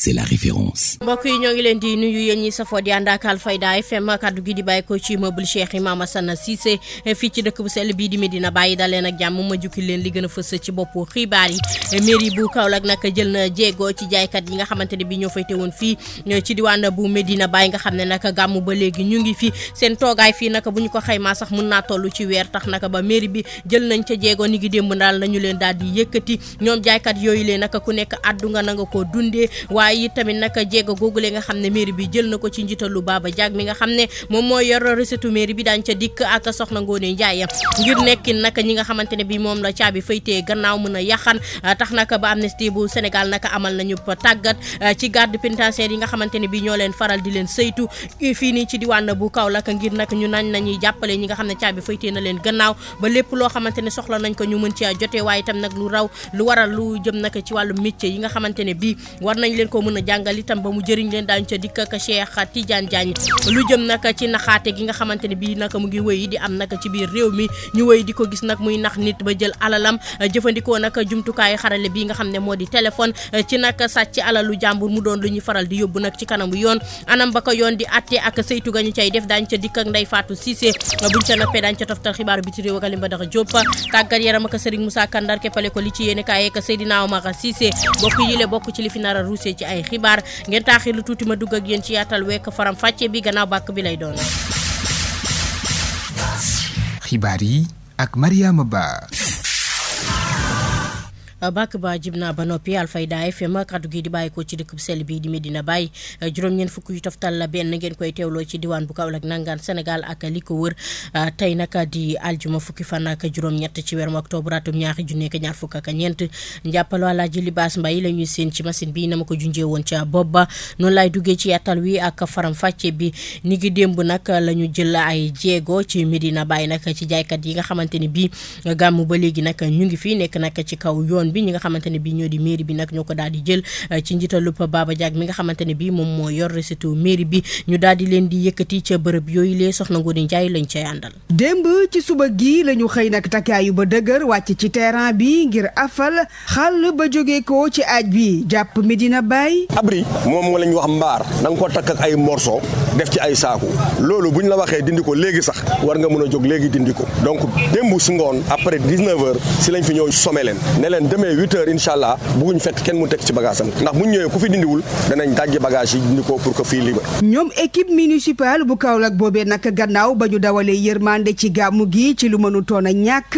c'est la référence. mbokk yi ñoo ngi leen di nuyu yéen ñi safoo di ànd ak Alfayda FM kaddu gi di bàyyi ko ci meuble Cheikh Imam Assane Cissé eh, fii ci dëkk bu sell bii di Medina Baye ci boppu xibaar yi eh, mairie bu Kaolack nag jël na jéego ci jaaykat nga ñoo fay teewoon fii eh, ci diwaan bu Medina Baye nga xam ne nag gàmm ba léegi ñu ngi fi seen toogaay fii nag bu ñu ko xaymaa sax mun naa toll ci weer tax nag ba mairie bi jël nañ ca jéego ni ngi démb daal nañu leen daal di yëkkati ñoom jaaykat yooyu leen nag ku nekk addu nanga koo dundee waaye it tamit nag jéego googule nga xam ne mairie bi jël na ko ci njiitalu Baba Diag mi nga xam ne moo yor recette mairie bi daañu ca dikk ak soxna Ngoone Ndiaye nga xamante ne bi moom la caabi faytee gannaaw mën a yaxan tax nag ba amnesty bu Sénégal nag amal nañu tàggat ci garde pénitentiaire yi nga xamante ne bi ñoo leen faral di leen saytu fii nii ci diwaan bu kaw Kaolack ngir nag ñu nañ nañuy jàppale ñi nga xam ne caabi faytee na leen gannaaw ba lépp loo xamante ne soxla nañ ko ñu mën ci jotee waaye itam nag lu raw lu waral lu jëm nag ci wàllu métier yi nga xamante ne bi war nañ leen ko ko mën a jàngal itam ba mu jëriñ leen daañu ca dikk ak Cheikh Tidiane lu jëm nag ci naxaate gi nga xamante ne bii mu ngi wéy di am nag ci biir réew mi ñu wéy di ko gis nag muy nax nit ba jël alalam jëfandikoo nag jumtukaayu xarale bii nga xam ne moo di téléphone ci nag sàcc alalu jàmbur mu doon lu ñuy faral di yóbbu nag ci kanamu yoon anam ba ko yoon di àtte ak saytu ga ñu cay def daañu ca dikk ak Ndeye Fatou Cissé buñ ca noppee daañu ca a ruusee ci ay xibaar ngeen taaxe lu tuuti ma dugg ak yéen ci yaatal wekk faram fàcce bi gannaaw bàkk bi lay doon. xibaar yi ak Mariama Ba. bàkk ba jib naa ba noppi Alfayda FM kaddu gi di bàyyi ko ci dëkk sell bi di Medina bàyyi juróom-ñeent fukk yu toftal la benn ngeen koy teewloo ci diwaan bu Kaolack nangaan Sénégal ak li ko wër ah, tey nag di aljuma fukki fan ak juróom-ñett ci weerum octobre atum ñaari junni ak ñaar fukk ak ñeent njàppal wala ji libaas mbay la ñuy seen ci machine bi nama ma ko junjee woon ca bopp ba noonu laay duggee ci yàttal wi ak faram fàcce bi ni ngi démb nag la ñu jël ay jéego ci Medina bàyyi nag ci jaaykat yi nga xamante ni bii gàmm ba léegi nag ñu ngi fi nekk nag ci kaw yoon yoon bi ñi nga xamante ne ñoo di mairie bi nag ñoo ko daal di jël eh, ci njiitalu Baba Diack mi nga xamante ne moom moo yor recette mairie bi ñu daal di leen di yëkkati ca bërëb yooyu lee soxna Ngoné Ndiaye lañ cay àndal. démb ci suba gii la ñu xëy nag takkaayu ba dëgër wàcc ci terrain bi ngir afal xàll ba jóge ko ci aaj bi jàpp Medina Baye. abri moom moo la ñu wax mbaar na nga ko takk ak ay morceau def ci ay saaku loolu bu ñu la waxee dindi ko léegi sax war nga mën a jóg léegi dindi ko donc démb si ngoon après 19 heures si lañ mais huit heures incha allah bugguñu fekk kenn mu teg ci bagage am ndax bu ñu ñëwee ku fi dindiwul danañ dajji bagage yi dindi ko pour que fii libre. ñoom équipe municipale bu Kaolack boobee nag gannaaw ba ñu dawalee yërmande ci gàmmu gi ci lu mënutoon a ñàkk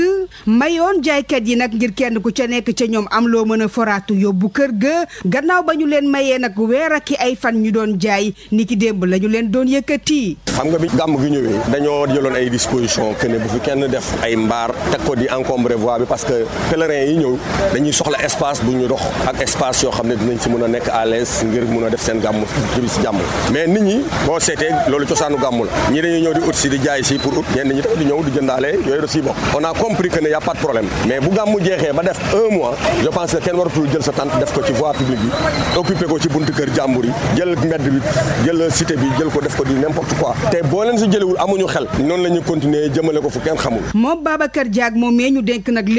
mayoon jaaykat yi nag ngir kenn ku ca nekk ca ñoom am loo mën a foraatu yóbbu kër ga gannaaw ba ñu leen mayee nag weer ak ay fan ñu doon jaay ni ki démb la ñu leen doon yëkkati. xam nga bi gàmm gi ñëwee dañoo jëloon ay disposition que ne bu kenn def ay mbaar teg ko di encombrer voie bi parce que pèlerins yi ñëw dañuy soxla espace bu ñu dox ak espace yoo xam ne dinañ ci mën a nekk à l'aise ngir mën a def seen gàmm juri si jàmm mais nit ñi boo seetee loolu cosaanu gàmm la ñii dañuy ñëw di ut si di jaay si pour ut ñenn ñi di di jëndaale yooyu daf siy bokk a compris que ne y' a pas de problème mais bu gàmmu jeexee ba def un mois jël sa tente def ko ci voie publique bi occupé ko ci buntu kër jàmbur yi jël mbedd bi jël cité bi jël ko def ko di n'importe quoi te boo leen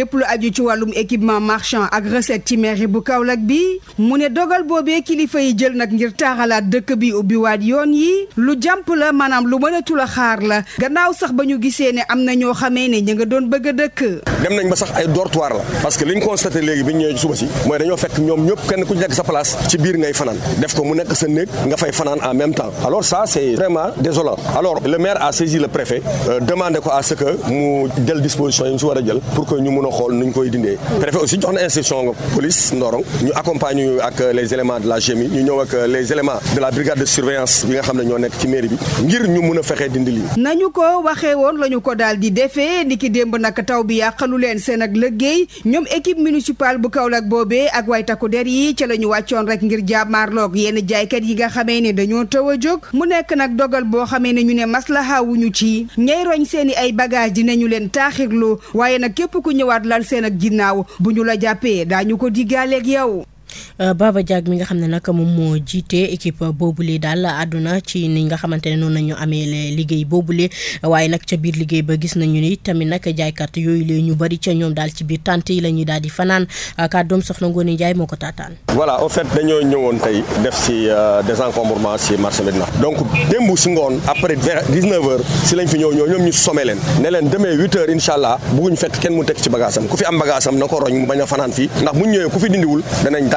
lépp lu aju ci wàllum équipement marchand ak recette ci mairie bu Kaolack bi mu ne dogal boobee kilifa yi jël nag ngir taaxalaat dëkk bi ubbi ubbiwaat yoon yi lu jàmp la maanaam lu mënatul a xaar la gannaaw sax ba ñu gisee ne am na ñoo xamee ne ñu nga doon bëgg a dëkk. dem nañ ba sax ay dortoir la parce que li ñu constaté léegi bi ñu ñëwee suba si mooy dañoo fekk ñoom ñëpp kenn ku ci nekk sa place ci biir ngay fanaan def ko mu nekk sa néeg nga fay fanaan en même temps alors ça c'est vraiment désolant alors le maire a saisi le préfet euh, demandé ko à ce mu jël disposition yi mu si a jël pour que ñu mën a xool nuñ koy dindee jox na instruction police Ndorong ñu accompagner ñu ñu ñëw nañu ko waxee woon la ñu ko daal di defee niki démb nag taw bi yàqalu leen seen ak liggéey ñoom équipe municipale bu Kaolack boobee ak way takku der yi ca la ñu wàccoon rek ngir jàmmaarloog yenn jaaykat yi nga xamee ne dañoo tëw a jóg mu nekk nag dogal boo xamee ne ñu ne maslaha wuñu ci ñay roñ seen ay bagage dinañu leen taaxirlu waaye nag képp ku ñëwaat lal seen ak ginnaaw bu ñu la jàppee daañu ko diggaaleeg yow Euh, Baba Diack mi nga xam ne nag moom moo jiite équipe boobule daal àdduna ci ni nga xamante ne noonu nañu amee liggéey boobu boobule waaye nag ca biir liggéey ba gis nañu ni tamit nag jaaykat yooyu la ñu bari ca ñoom daal ci biir tànt yi la ñuy daal di fanaan euh, kàddoom soxna Ngoné Ndiaye moo ko taataan. voilà au fait dañoo ñëwoon tey def si euh, désencombrement si marché Médina donc démb si ngoon après vers 19 si lañ fi ñëw ñoom ñu sommé leen ne leen demee 8h allah bugguñu fekk kenn mu teg ci bagage ku fi am bagage na ko roñ mu bañ a fanaan fii ndax bu ñëwee ku fi dindiwul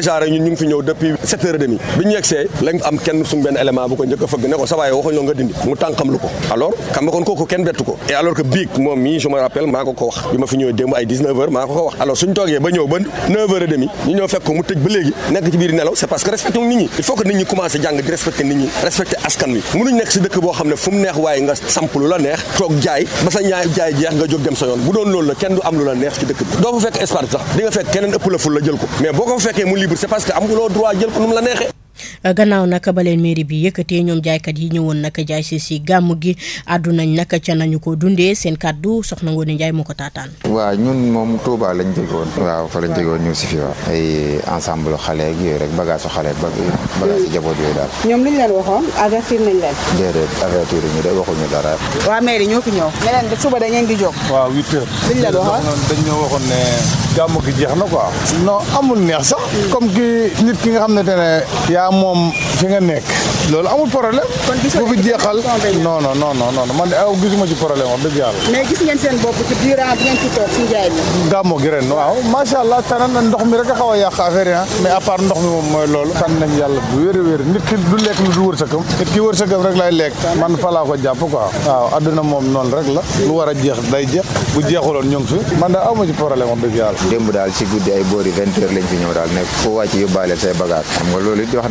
déjà depuis sept heures et bi ñu yegsee lañ am kenn suñu benn élément bu ko njëkk a fëgg ne ko nga dindi mu tànkam lu ko alors xam nga ko ko ko wax bi ko ko wax suñ toogee ba ñëw ba 9 heures et demie mu tëj ba nekk si dëkk boo xam ne fu neex waaye nga samp lu la neex toog jaay ba sa ñaay jaay jeex nga jóg dem sa bu doon loolu la kenn du am lu la neex ci dëkk bi doo fa fekk espace sax di fekk keneen ëpp la ful la jël ko mais boo ko libre c'est parce que amuloo droit jël ko nu mu la neexee. Uh, gannaaw nag ba leen mairie bi yëkkatee ñoom jaaykat yi ñëwoon nag jaay si si gàmm gi àddunañ nag ca nañu ko dundee seen kàddu soxna Ngoone Njaay moo ko taataan. waaw ñun moom Touba lañ jóge woon. waaw fa lañ jóge woon ñu si fi waaw. ay ensemble xale ak yooyu rek bagage su xale ba bagage su jaboot yooyu daal. ñoom li ñu leen waxoon avertir nañ leen. déedéet avertir ñu de waxuñu dara. waa mairie ñoo fi ñëw. ne suba da ngeen di jóg. waaw huit heures. li ñu dañ ñoo waxoon ne gàmm gi jeex na quoi. non amul neex sax. comme ki nit ki nga xam ne yaa moom fi nga nekk loolu amul problème. kon gisoo bu fi jeexal non non non non man de aw gisuma ci problème wax dëgg yàlla. mais gis gi ren waaw macha allah tànn na ndox mi rek a xaw a yàq affaire ah. mi moom mooy loolu. tànn nañ yàlla bu wér a nit ki du lekk lu du wërsëgam. nit ki wërsëgam rek lay lekk. man fa laa ko jàpp quoi. waaw adduna moom noonu rek la. lu war a jeex day jeex bu jeexuloon ñu ngi fi. man de aw ma ci problème wax dëgg yàlla. démb daal si guddi ay boori vingt heures lañ ñëw daal ne foo wàcc yóbbaale say bagage xam nga loolu it wax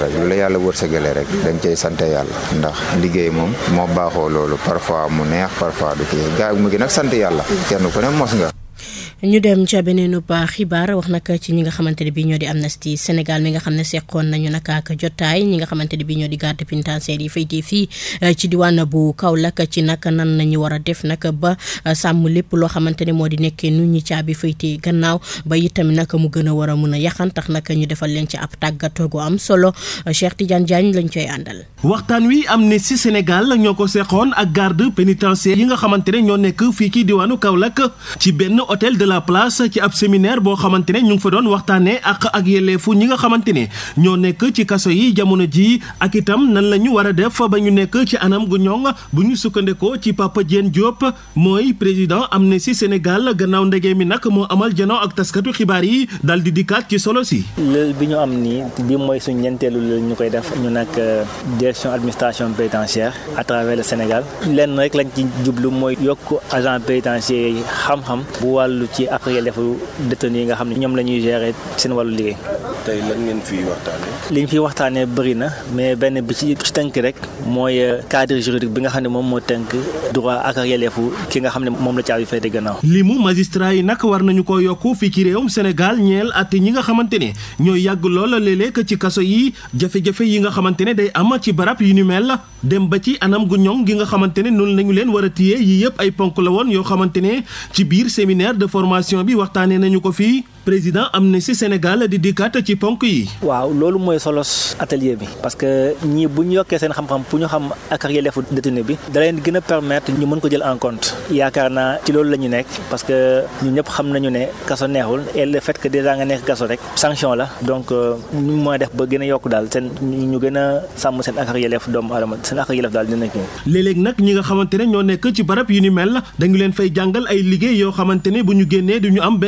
rek lu la yàlla wërsëgale rek dañ cay sante yàlla ndax liggéey moom moo baaxoo loolu parfois mu neex parfois du kii gaa mu ngi nag sant yàlla kenn ku ne mos nga ñu dem ca beneenub xibaar wax nag ci ñi nga xamante ne bii ñoo di Amnesty na mi nga xam ne seqoon nañu nag ak jotaay ñi nga xamante ne bii ñoo di garde pénitentiaire yi féetee fii eh, ci diwaan bu Kaolack ci nag nan nañu war a def nag ba eh, sàmm lépp loo xamante ne moo di nekkee nu ñi caabi féetee gannaaw ba itam nag mu gën a war a mun a yaxan tax nag ñu defal leen ci ab tàggatoo gu am solo eh, Cheikh Tidiane Diagne lañ coy àndal. waxtaan wi am Amnesty Sénégal ñoo ko seqoon ak garde pénitentiaire yi nga xamante ne ñoo nekk fii ci diwaanu Kaolack ci benn hôtel de la place ci ab séminaire boo xamante ne ñu ngi fa doon waxtaanee ak ak yelleefu ñi nga xamante ne ñoo nekk ci kaso yi jamono ji ak itam nan la ñu war a def ba ñu nekk ci anam gu ñoŋ bu ñu sukkandikoo ci Papa Diène Diop mooy président Amnesty Sénégal gannaaw ndege mi nag moo amal janoo ak taskatu xibaar yi daal di dikkaat ci solo si. lël bi ñu am nii bi mooy suñu ñeenteelu lël ñu koy def ñu nag euh, direction administration pénitentiaire à travers le Sénégal lenn ci ak yelleefu détenu yi nga xam ne ñoom la ñuy li ñu na mais benn bi ci ci tënk rek mooy euh, cadre bi nga xam ne moom moo tënk droit ak ak yelleefu ki nga xam ne moom la caabi féete gannaaw. limu magistrat yi nag war nañu ko yokk fii ci réewum Sénégal ñeel at ñi nga xamante ne ñooy yàgg lool léeg-léeg ci kaso yi jafe-jafe yi nga xamante ne day am ci barab yu ni mel la dem ba ci anam gu ñoŋ gi nga xamante ne noonu lañu leen war a téye yii yëpp ay ponk la woon yoo xamante ci biir séminaire de formation information bi waxtaanee nañu ko fii président Amnesty Sénégal di dikkaat ci ponk yi. waaw loolu mooy solos atelier bi parce que ñii bu ñu yokkee seen xam-xam pour ñu xam ak ak yelleefu détenu bi da leen gën a permettre ñu mën ko jël en compte yaakaar naa ci loolu la nekk parce que ñun ñëpp xam nañu ne kaso neexul et le fait que déjà nga nekk kaso rek sanction la donc euh, ñu mooy def ba gën a yokk daal seen ñu gën a sàmm seen ak ak doomu aadama seen ak ak daal dina ñëw. léeg-léeg ñi nga yu ni mel yoo xamante ne bu ñu génnee du ñu am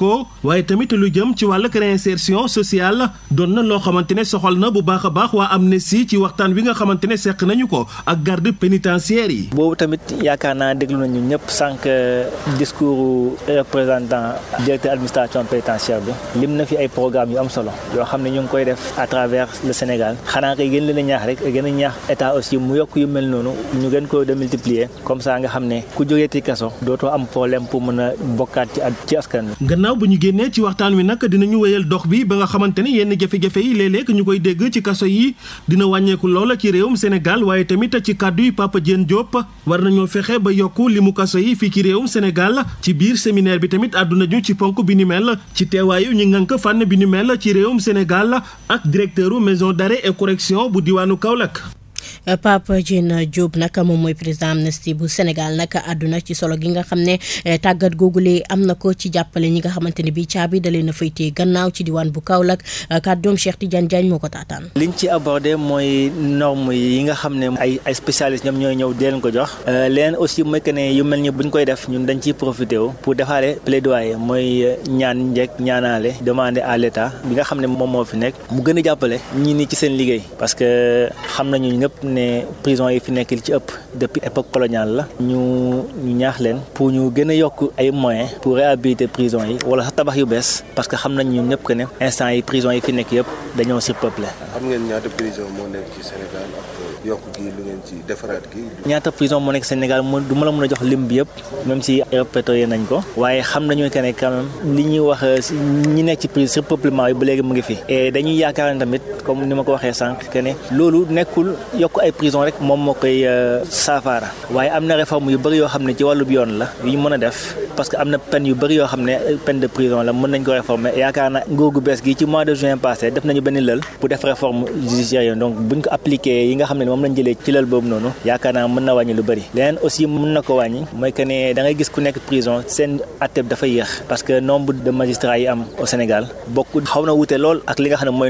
ko waaye tamit lu jëm ci wàllug réinsertion sociale doon na loo xamante ne soxal na bu baax a baax waa Amnesty ci waxtaan wi nga xamante ne seq nañu ko ak garde pénitentiaire yi. boobu tamit yaakaar naa déglu nañu ñëpp sànq euh, discours représentant directeur administration pénitentiaire bi lim na fi ay programme yu am solo yoo xam ne ñu ngi koy def à travers le Sénégal xanaa kay gën leen a ñaax rek gën a ñaax état aussi mu yokk yu mel noonu ñu gën ko démultiplier comme ça nga xam ne ku jógeeti kaso dootoo am problème pour mën a bokkaat ci ci askan gannaaw ba ñu génnee ci waxtaan wi nag dinañu wéyal dox bi ba nga xamante ni yenn jafe-jafe yi léeg-léeg ñu koy dégg ci kaso yi dina wàññeeku loola ci réewum Sénégal waaye tamit ci kàddu yi Papa Diène Diop war nañoo fexe ba yokku limu kaso yi fii ci réewum Sénégal ci biir séminaire bi tamit àdduna ju ci ponk bi ni mel ci teewaayu ñi ngànk fànn bi ni mel ci réewum Sénégal ak directeuru maison d'arrêt et correction bu diwaanu Kaolack Pape Diène Diop nag moom mooy président Amnesty bu Sénégal nag àdduna ci solo gi nga xam ne eh, tàggat googu googule am na ko ci jàppale ñi nga xamante ne bii caabi dalee na faytee gannaaw ci diwaan bu kaw Kaolack eh, kàddoom Cheikh Tidiane Diagne moo ko taataan. liñ ci abordé mooy norme yi nga xam ne ay ay spécialiste ñoom ñooy ñëw di leen ko jox. Eh, leen aussi mooy que ne yu mel ni buñ koy def ñun dañ ciy profité wu pour defaale plaidoyer mooy ñaan njëkk ñaanaale demander à bi nga xam ne moom moo fi nekk mu gën a jàppale ñii nii ci seen liggéey parce que xam nañu ñëpp ne prison yi fi nekk li ci ëpp depuis époque coloniale la ñu ñaax leen pour ñu gën a yokk ay moyens pour réhabiliter prison yi wala sax tabax yu bees parce que xam nañ ñun ñëpp que ne instant yi prison yi fi nekk yëpp dañoo surpeuplé. xam yokk gi lu ngeen ci defaraat gi. ñaata prison moo nekk Sénégal mu du la mën a jox lim bi yëpp même si répertorié nañ ko waaye xam nañu que ne li ñuy wax ñi nekk ci prison surpeuplement yi ba léegi mu ngi fi. et dañuy yaakaar ne tamit comme ni ma ko waxee sànq que loolu nekkul yokk ay prison rek moom moo koy euh, saafara waaye am na réforme yu bëri yoo xam ne ci wàllu yoon la yu ñu mën a def parce que am na peine yu bëri yoo xam ne peine de prison la moom lañ jëlee ci lal boobu noonu yaakaar naa mën na wàññi lu bëri leneen aussi mën na ko wàññi mooy que ne gis ku nekk prison seen atteb dafa yéex parce que nombre de magistrats yi am Sénégal bokk xaw na wute lool ak li nga xam ne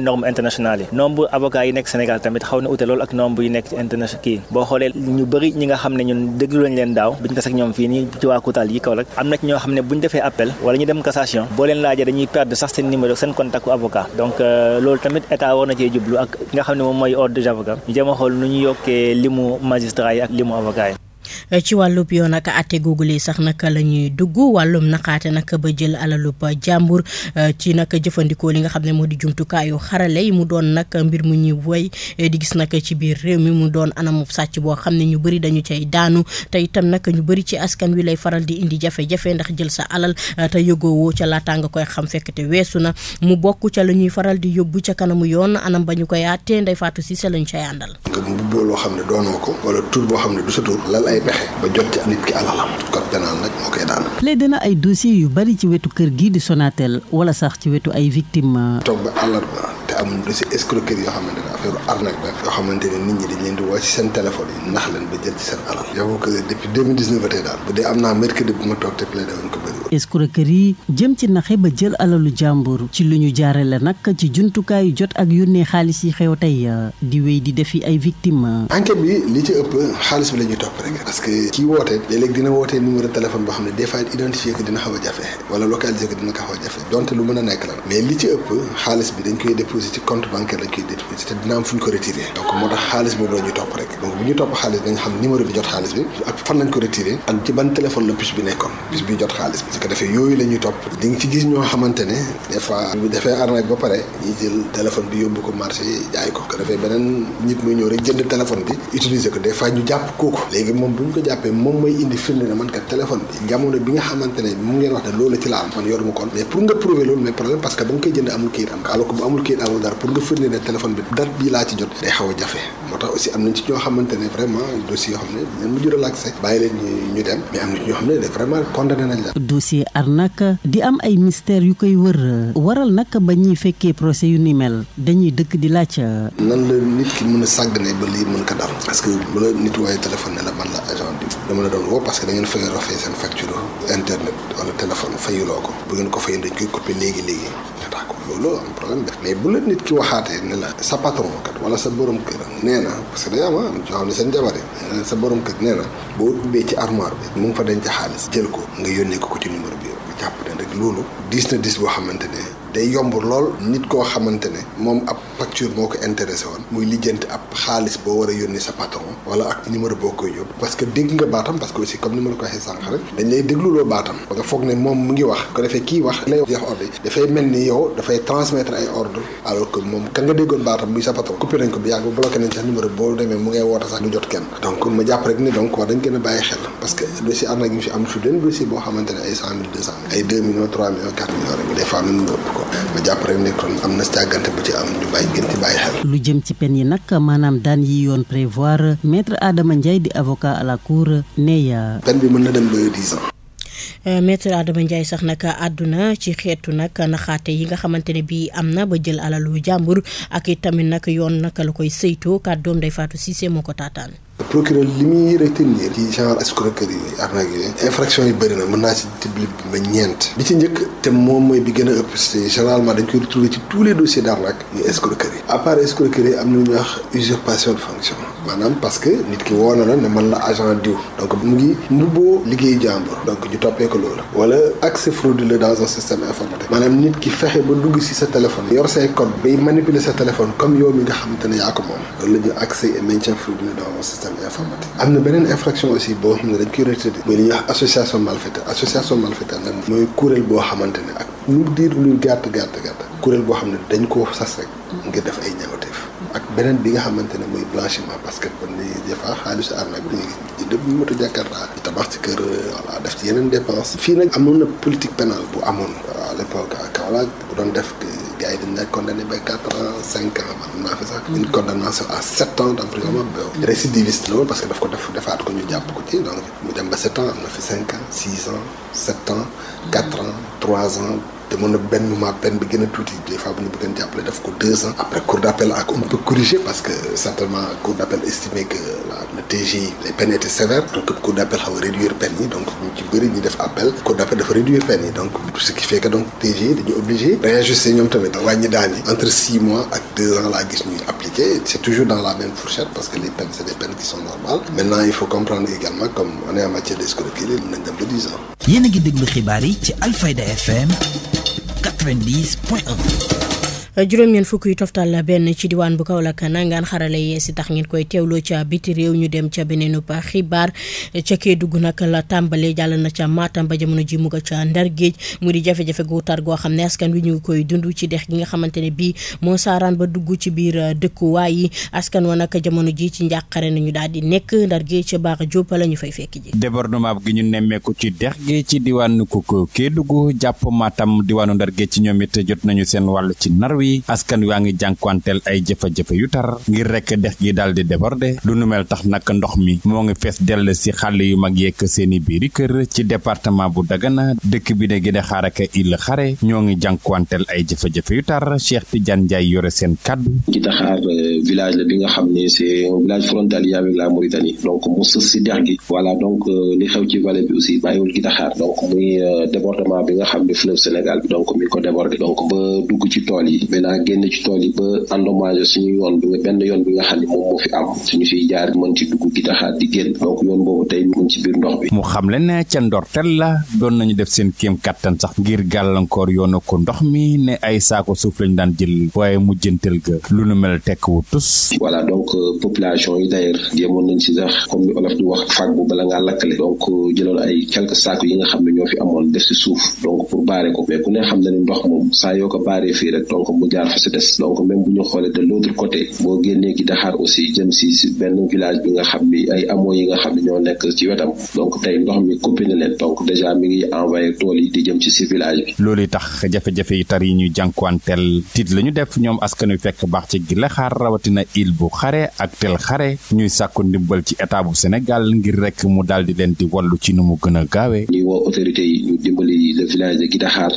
yi nombre avocats yi nekk Sénégal tamit xaw na wute lool ak nombre yi nekk international kii boo xoolee ñu bëri ñi nga xam ne ñun déglu lañ leen daaw bi ñu tasek ñoom fii nii ci waa Koutal yi Kaolack ñu yokkee limu magistrat yi ak limu avocat yi. Eh, ci wàllub yoon nag àtte googu lii sax nag la ñuy dugg wàllu naxaate nag ba jël alalub jàmbur eh, ci nag jëfandikoo li nga xam ne moo di jumtukaayu xarale yi mu doon nag mbir mu ñuy woy eh, di gis nag ci biir réew mi mu doon anam sàcc boo xam ne ñu bëri dañu cay daanu te itam nag ñu bëri ci askan wi lay faral di indi jafe-jafe ndax jël sa alal te yëgoo ca laataa nga koy xam fekk te weesu na mu bokk ca la ñuy faral di yóbbu ca kanamu yoon anam ba ñu koy àttee Ndeye Fatou Cissé lañu cay àndal. ay pexe dina ay dossier yu bari ci wetu kër gii di sonateel wala sax ci wetu ay victimes. Euh, toog ba àllarba am lu si escroquerie yoo xamante ne affaire arnaque la yoo xamante ne nit ñi dañ leen di woo ci seen téléphone yi nax leen tey daal bu dee am naa mercredi bu ma toog te plaidé woon ko bëri jëm ci naxe ba jël alalu jàmbur ci lu ñu jaarale nag ci jumtukaayu jot ak yónnee xaalis yi xew tey euh, di wéy di defi ay victimes enquête dina woote numéro téléphone boo xam ne des fois identifié ko dina xaw a jafe wala localisé dina ko xaw a jafe donte lu mën a nekk la mais li ci ëpp xaalis bi dañ koy déposé ci compte bancaire lañ koy déposé te dina am fu ñu ko retiré donc moo tax xaalis boobu di nga ci mu ngeen wax loolu ci la am man yoruma koon mais pour nga prouver loolu mais problème parce que ba nga koy jënd amul kayit am alors que bu amul kayit am wu dara pour nga firnde ne téléphone bi laa ci na ba ñuy fekkee procès yu ni mel di nan la nit ki mën a sàggane ba lii mën ko dal parce que bu la nit waaye téléphone ne la man la agent bi dama la doon woo parce que da ngeen fayoo seen facture internet wala téléphone fayuloo ko bu ngeen ko fayee dañ koy coupé léegi léegi nga tax ko loolu am problème mais bu nit ki waxaatee ne la sa patron kat wala sa borom kër nee na parce que day am ah am na seen jabar sa borom kër nee na boo ubbee ci armoire bi mu ngi fa denc xaalis jël ko nga yónnee ko ko ci numéro bi nga jàpp ne rek loolu diis na diis boo xamante ne day yomb lool nit koo xamante ne moom ab facture moo ko intéressé woon muy lijjanti ab xaalis boo war a yónni sa patron wala ak numéro boo koy yóbbu parce que dégg nga baatam parce que aussi comme ni mu wax ko defee kii wax lay jox ordre yi dafay mel ni yow dafay transmettre ay ordre alors ngay woote sax du jot kenn donc ma jàpp rek ni donc war dañ gën a bàyyi xel parce que dossier am na ñu fi am su den dossier boo xamante ay cent mille deux cent mille ay deux millions trois millions quatre millions rek des fois même nga ëpp ko ma jàpp rek am na càggante bu ci am ñu bàyyi gën ci xel. lu jëm ci peine yi nag maanaam daan yi yoon prévoir maître Adama Ndiaye di avocat à la cour ya peine bi mën na dem ba dix Euh, maître Adama Ndiaye sax nag àdduna ci xeetu nag naxaate yi nga xamante ne bii am na ba jël alalu jàmbur ak itamit nag yoon naka la koy saytoo kàddoom day faatu Cissé moo ko taataan. procureur li muy retenir ci genre escroquerie yi arnaque yi infraction yi bëri na mën naa si tibli ba ñeent bi ci njëkk te moom mooy bi gën a ëpp c'est généralement dañ koy retrouver ci tous les dossiers d'arnaque yi escroquerie à part escroquerie am na lu ñuy wax usurpation de fonction maanaam parce que nit ki woo na la ne man la agent diw donc mu ngi nubboo liggéey jàmbur donc ñu toppee ko loolu wala accès frauduleux dans un système informatique maanaam nit ki fexe ba dugg si sa téléphone yor say code bay manipuler sa téléphone comme yow mi nga xamante ne yaa ko moom loolu la ñu accès et maintien frauduleux dans un système informatique am na beneen infraction aussi boo xam ne dañ koy retraité mooy li ñuy wax association malfaite association malfaite mooy kuréel boo xamante ne ak lu diir luy gàtt gàtt gàtt kuréel boo xam ne dañ koo sas rek ngir def ay ñaawteef. ak beneen bi nga xamante ne mooy blanchiment parce que kon ni des fois xaalisu armée bi ñu ngi jënd bu moto Jakarta. di tabax ci kër voilà def ci yeneen dépense fii nag amoon na politique pénale bu amoon. à l'époque à def gars yi dañ lay condamné ba quatre ans cinq ans man naa fi sax. Mm. une condamnation à sept ans d'emprisonnement. Mm. parce que daf ko def defaat ko ñu jàpp ko ci donc mu dem ba sept ans am na fi cinq ans six ans sept ans quatre mm. ans trois ans. demoon na benn moment peine bi gën a tuuti des fois bu ñu bëggoon jàppale def ko deux ans après cour d' appel ak on peut corriger parce que certainement cour d' appel estimé que TGI les peines étaient sévères donc cour d'appel xaw réduire peine yi donc ci bëri ñu def appel cour d'appel dafa réduire peine yi donc ce qui donc TGI dañu obligé réajuster ñoom tamit wàññi daan yi entre six mois ak deux ans laa gis ñuy appliqué c'est toujours dans la même fourchette parce que les peines c'est des peines qui sont normales maintenant il faut comprendre également comme on est en matière d'escroquerie mën nañ dem ba dix ans. a ngi déglu xibaar yi ci Alfayda FM juróom-ñeent fukk yu toftal benn ci diwaan bu kaw Kaolack nangaan xarale yee yi tax ngeen koy teewloo ca biti réew ñu dem ca beneenu ba xibaar ca dugg nag la tàmbale jàll na ca maatam ba jamono ji mu nga ca Ndar géej mu di jafe gu tar goo xam ne askan wi ñu ngi koy dund ci dex gi nga xamante ne bii moo saaraan ba dugg ci biir euh, dëkkuwaay yi askan wa nag jamono ji ci njàqare nañu daal di nekk Ndar géej ca baax Jóob la ñu fay fekk ji. débordement gi ñu nemmeeku ci dex gi ci diwaanu Kédougou jàpp Matam diwaanu Ndar géej ci ñoom it jot nañu seen wàll wi askan waa ngi jànkuwanteel ay jafe-jafe yu tar ngir rek dex gi daal di déborde lu nu tax nag ndox mi moo ngi fees dell si xàll yu mag yekk seeni yi kër ci departement bu Dagana dëkk bi ne gën a xaaraka il xare ñoo ngi jànkuwanteel ay jafe-jafe yu tar Cheikh Tidiane Ndiaye yore seen kàddu ci taxaar euh, village la bi nga xam ne c'est village frontalier avec la Mauritanie donc mu sës si dex gi voilà donc euh, li xew ci vallée bi aussi bàyyiwul gi taxaar donc muy euh, bi naa génn ci tool yi ba endommagé suñu yoon bi nga benn yoon bi nga xam ne moom moo fi am suñu fiy jaar mën di génn donc yoon boobu tey mu ngi ci xam le ne ca ndortel la doon nañu def seen kéem kàttan sax ngir gàllankoor yoonu ko ndox mi ne ay saako suuf lañu daan jël waaye mujjëntal ga lu nu mel tekk wu tus voilà donc euh, population yi d'ailleurs jéemoon nañ si sax comme ni olof di wax fag bu bala ngaa lakkale euh, ay quelques saako yi nga xam ne ñoo fi amoon def si suuf donc pour baare ko ne xam na ne ndox moom saa yoo ko baaree rek donc mu jaar fa si des donc même bu ñu xoolee de l'autre côté boo génnee gi daxaar aussi jëm si benn village bi nga xam ni ay amoo yi nga xam ñoo nekk ci wetam donc tey ndox mi coupé na leen donc déjà mi ngi envoyé tool yi di jëm ci si village bi loolu tax jafe-jafe yu tar yi ñuy ñu jànkuwanteel tiit la ñu def ñoom askan wi fekk baax ci Gilaxaar rawatina il bu xare ak tel xare ñuy sàkku ndimbal ci état bu Sénégal ngir rek mu daal di leen di wallu ci nu mu gën a gaawee ñuy woo autorité yi ñu dimbali le village de Gidaxaar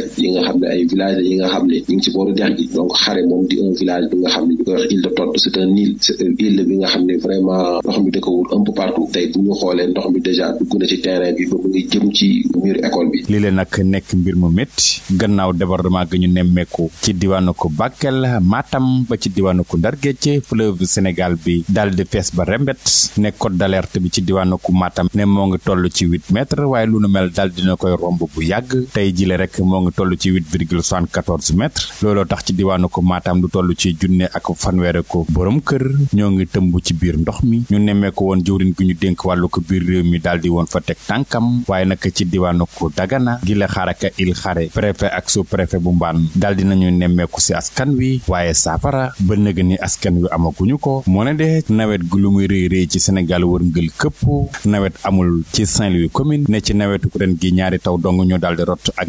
ak nga xam ne ay village yi nga xam ne ñu ngi ci booru dex gi donc xare moom di un village bi nga xam ne ñu vraiment ndox mi da ko wër un partout tey bu xoolee ndox mi déjà dugg na ci terrain bi ba mu jëm ci mur école bi lii la nag nekk mbir mu métti gannaaw débordement gi ñu nemmeeku ci diwaanu ko Bakel maatam ba ci diwaanu ko Ndar Géej fleuve Sénégal bi daal di fees ba rembet ne code d'alerte bi ci diwaanu ko maatam ne moo ngi toll ci huit mètres waaye lu nu mel ci 8 virgule 74 mètres looloo tax ci diwaanu ko Matam lu toll ci junne ak fanweere ko borom kër ñoo ngi tëmb ci biir ndox mi ñu nemmee woon jëwriñ gu ñu dénk wallu ko biir réew mi daal di woon fa teg tànkam waaye nag ci diwaanu ko Dagana gi la xaaraka il xare préfet ak sous préfet bu mbaan daal di nañu nemmeeku si askan wi waaye saafara ba nëg ni askan wi amaguñu ko moo ne de nawet gu lu muy rëy rëy ci Sénégal wërngël këpp nawet amul ci Saint-Louis commune ne ci nawetu ren gi ñaari taw dong ñoo daal di ak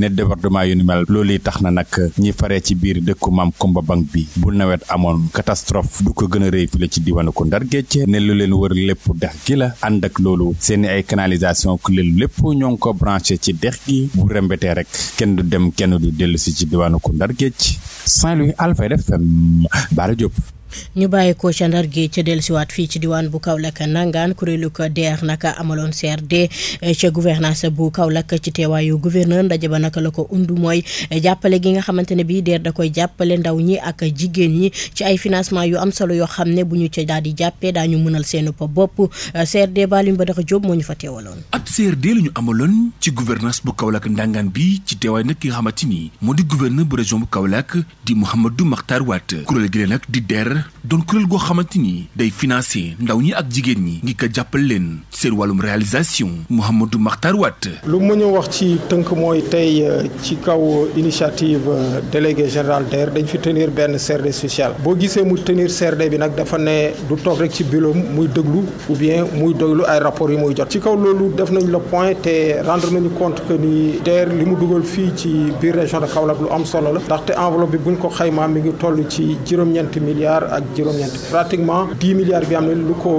ne débordement yu ni mel loolu yi tax na nag ñi faree ci biir dëkku maam Kumba Bang bi bu nawet amoon catastrophe du ko gën a rëy fi la ci diwaanu ko Ndar Géej ne lu leen wër lépp dex gi la ànd ak loolu seeni ay canalisation ku leen lépp ñoo ngi ko branché ci dex gi bu rembetee rek kenn du dem kenn du dellusi ci diwaanu ko Ndar Géej Saint-Louis Alfayda FM Bara Diop ñu bàyyi ko ca ndar gi ca dellusiwaat fii ci diwaan bu Kaolack nangaan kuréelu ko DER naka amaloon CRD eh, ca gouvernance bu Kaolack ci teewaayu gouverneur ndaje ba naka la ko undu mooy eh, jàppale gi nga xamante ne bii DER da koy jàppale ndaw ñi ak jigéen ñi ci ay financement yu am solo yoo xam ne bu ñu ca daal di jàppee daañu mënal seen bopp eh, CRD ba Badara Diop moo ñu fa teewaloon. ab CRD la ñu amaloon ci gouvernance bu Kaolack ndangaan bi ci teewaay nag ki nga xamante ni moo di gouverneur bu région bu Kaolack di Mouhamadou Makhtar Watt kuréel gi nag di DER doon kuréel goo xamante ni day financé ndaw ñi ak jigéen ñi ngi ko jàppale leen seen wàllum réalisation Mouhamadou Makhtar Watt lu mu ñu wax ci tënk mooy tey euh, ci kaw initiative euh, délégué général DER dañ fi tenir benn CRD social boo gisee mu tenir serde bi nag dafa ne du toog rek ci bureau muy déglu ou bien muy déglu ay rapports yi muy jot ci kaw loolu def nañ le point te rendre nañu compte que ni DER li mu dugal fii ci biir région de Kaolack lu am solo la ndaxte enveloppe buñ ko xaymaa mi ngi toll ci juróom-ñeenti ak juróom-ñeent pratiquement dix milliards bi am ne lu ko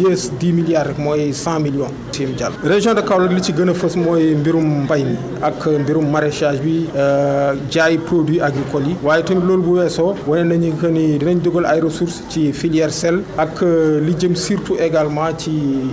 yées dix milliards rek mooy cent million sim jàll région de Kaolack li ci gën a fës mooy mbirum mbay mi ak mbirum maraîchage bi euh, jaay produits agricoles yi waaye tamit loolu bu weesoo wane nañu que ni dinañ dugal ay ressources ci filière sel ak euh, li jëm surtout également ci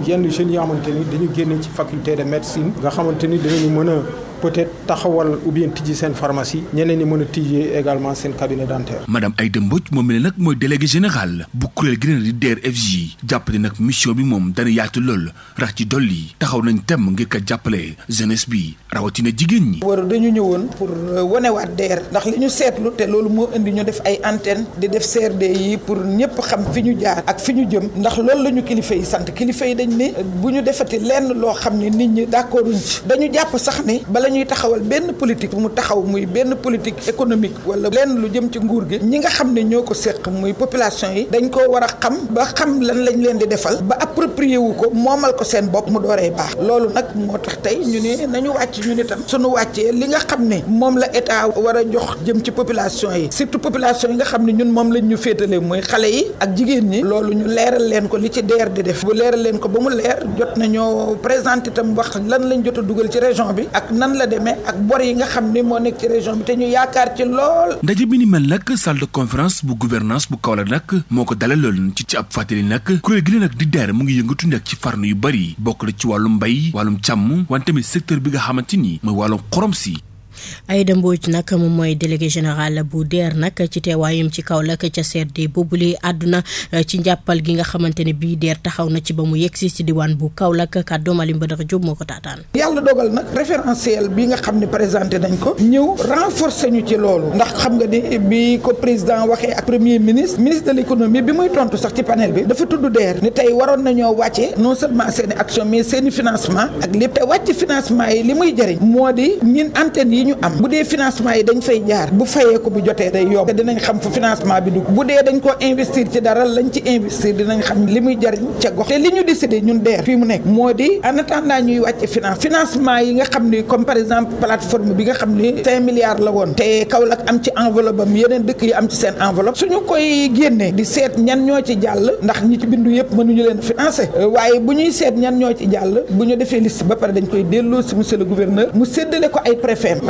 yenn jeunes yoo xamante ni dañu génne ci faculté de médecine nga xamante ni dinañu mën peut-être taxawal ou bien tijji seen pharmacie ñeneen ñi mën a tijji également seen cabinet dentaire. madame Aïda Mbodj moom la nag mooy délégué général bu kuréel gi di DER/FJ jàpp ne nag mission bi moom dana yaatu lool rax ci dolli taxaw nañ tem ngir ka jàppale jeunesse bi rawatina jigéen ñi. war dañu ñëwoon pour euh, wanewaat DER ndax li ñu seetlu te loolu moo indi ñu def ay antenne di def CRD yi pour ñëpp xam fi ñu jaar ak fi ñu jëm ndax loolu la ñu kilifa sant kilifa yi dañ ne bu ñu defati lenn loo xam ne nit ñi d'accorduñ ci dañu jàpp sax ne ñuy taxawal benn politique mu taxaw muy benn politique économique wala lenn lu jëm ci nguur gi ñi nga xam ne ñoo ko séq muy population yi dañ ko war a xam ba xam lan lañ leen di defal ba approprié wu ko moomal ko seen bopp mu dooree baax loolu nag moo tax tey ñu ne nañu wàcc ñu ne tam suñu wàccee li nga xam ne moom la état war a jox jëm ci population yi surtout population yi nga xam ne ñun moom lañ ñu féetale mooy xale yi ak jigéen ñi loolu ñu leeral leen ko li ci deer di def bu leeral leen ko ba mu leer jot nañoo présenté tam wax lan lañ jot a dugal ci région bi ak nan la demee ak bor yi nga xam ni moo nekk ci région bi te ñu yaakaar ci lool. ndaje bi ni mel nag salle de conférence bu gouvernance bu Kaolack nag moo ko dalaloon ci ci ab fàttali nag kuréel gi ne nag di DER mu ngi yëngatu nag ci farnu yu bari bokk la ci wàllum mbay wàllum càmm wante tamit secteur bi nga xamante ni mooy wàllum xorom si. Aïda Mbodj nag moom mooy délégué général bu DER nag ci teewaayam ci Kaolack ca CRD boobule àdduna ci njàppal gi nga xamante ne bii DER taxaw na ci ba mu yegsi si diwaan bu kaw Kaolack kàddoom Aliou Mbadara Diop moo ko taataan. yàlla dogal nag référentiel bi nga xam ne présenté nañ ko. ñëw renforcer ñu ci loolu. ndax xam nga ni bi ko président waxee ak premier ministre ministre de l'économie bi muy tontu sax ci panel bi dafa tudd DER. ni tey waroon nañoo wàcce non seulement seeni action mais seeni financement ak lépp te wàcc financement yi li muy jëriñ moo di ñun antenne yi ñu am bu dee financement yi dañ fay jaar bu fayee ko bu jotee day yomb te dinañ xam fu financement bi dugg bu dee dañ ko investir ci dara lañ ci investir dinañ xam li muy jariñ ca gox te li ñu décidé ñun deer fii mu nekk moo di en attendant ñuy wàcc finance financement yi nga xam ni comme par exemple plateforme bi nga xam ni cinq milliards la woon te Kaolack am ci enveloppe am yeneen dëkk yi am ci seen enveloppe suñu koy génnee di seet ñan ñoo ci jàll ndax ñi ci bindu yëpp mënuñu leen financer waaye bu ñuy seet ñan ñoo ci jàll bu ñu defee liste ba pare dañ